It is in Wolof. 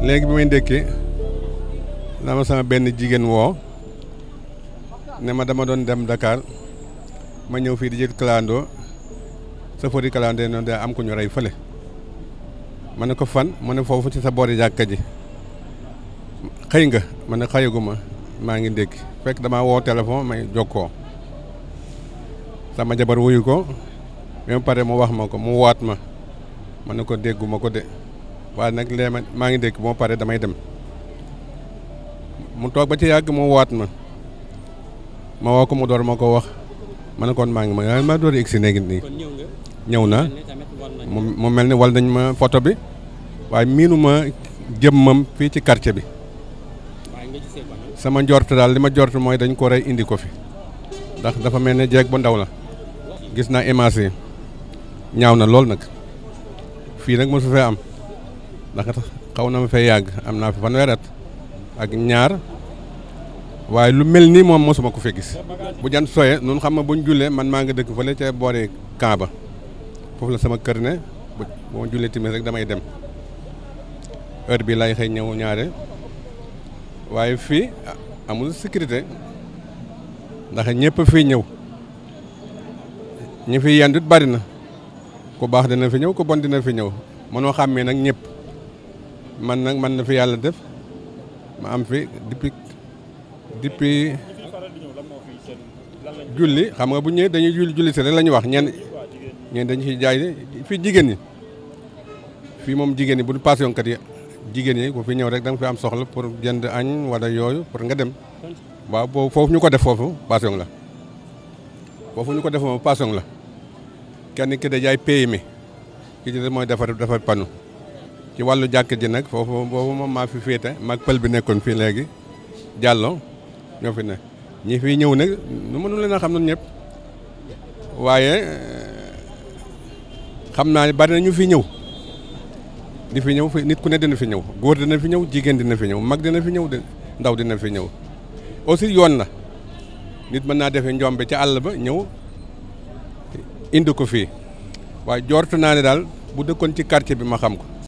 léegi bi may ndékkee la ma sama benn jigéen woo ne ma dama doon dem Dakar ma ñëw fii di jël kalandoo safari kalandoo noonu day am ko ñu rey fële ma ne ko fan mu ne foofu ci sa boori jàkka ji xëy nga ma ne xëyaguma maa ngi ndékki fekk dama woo téléphone may jokkoo sama jabar wuyu ko même pare mu wax ma ko mu waat ma ma ne ko dégguma ko de waaye nag lee ma maa ngi dégg moo pare damay dem mu toog ba ci yàgg mu waat ma ma woo ko mu door ma ko wax ma ne kon maa ngi ma ma door a egg si léegi nii ñëw na mu mel ni wal dañ ma photo bi waaye miinu ma jëmmam fii ci karce bi sama njort daal li ma njort mooy dañ koo rey indi ko fi ndax dafa mel ni jeeg bu ndaw la gis naa image ñaaw na lool nag fii nag mosu fee am ndax xaw na ma fee yàgg am naa fa fanweeri at ak ñaar waaye lu mel nii moom mosuma ko fee gis bu jant sooyee noonu xam nga buñ jullee man maa ngi dëkk fële ca boori Kaaba foofu la sama kër ne bu ma jullee timis rek damay dem heure bi lay xëy ñëw ñaare waaye fii ah, amul sécurité ndax ñépp fii ñëw ñu fi yendut bari na ku baax dina fi ñëw ku bon dina fi ñëw mënoo xàmmee nag ñëpp man nak man na fi yalla def ma am fi depuis depuis julli xam nga bu ñëwee dañuy julli julli sé rek la wax ñen ñen dañ ci jaay fi jigen ni fi mom jigen ni bu ñu passion kat ya jigen ni ko fi ñëw rek da fi am soxla pour jënd añ wala yooyu pour nga dem ba boobu foofu def fofu passion la fofu ñuko def mo passion la kenn ki da jaay pay mi ki ci moy defar defar panu ci wàllu jàkk ji nag foofu boobu moom maa fi féete mag pël bi nekkoon fii léegi jàlloo ñoo fi ne ñi fi ñëw nag nu mënu leen a xam noonu ñëpp waaye eh, xam naa ne bari na ñu fi ñëw di fi ñëw fi nit ku ne dina fi ñëw góor dina fi ñëw jigéen dina fi ñëw mag dina fi ñëw ndaw dina fi ñëw aussi yoon na nit mën naa defee njoom njombe ca àll ba ñëw indi ko fii waaye joortu naa ne daal bu dëkkoon ci quartier bi ma xam ko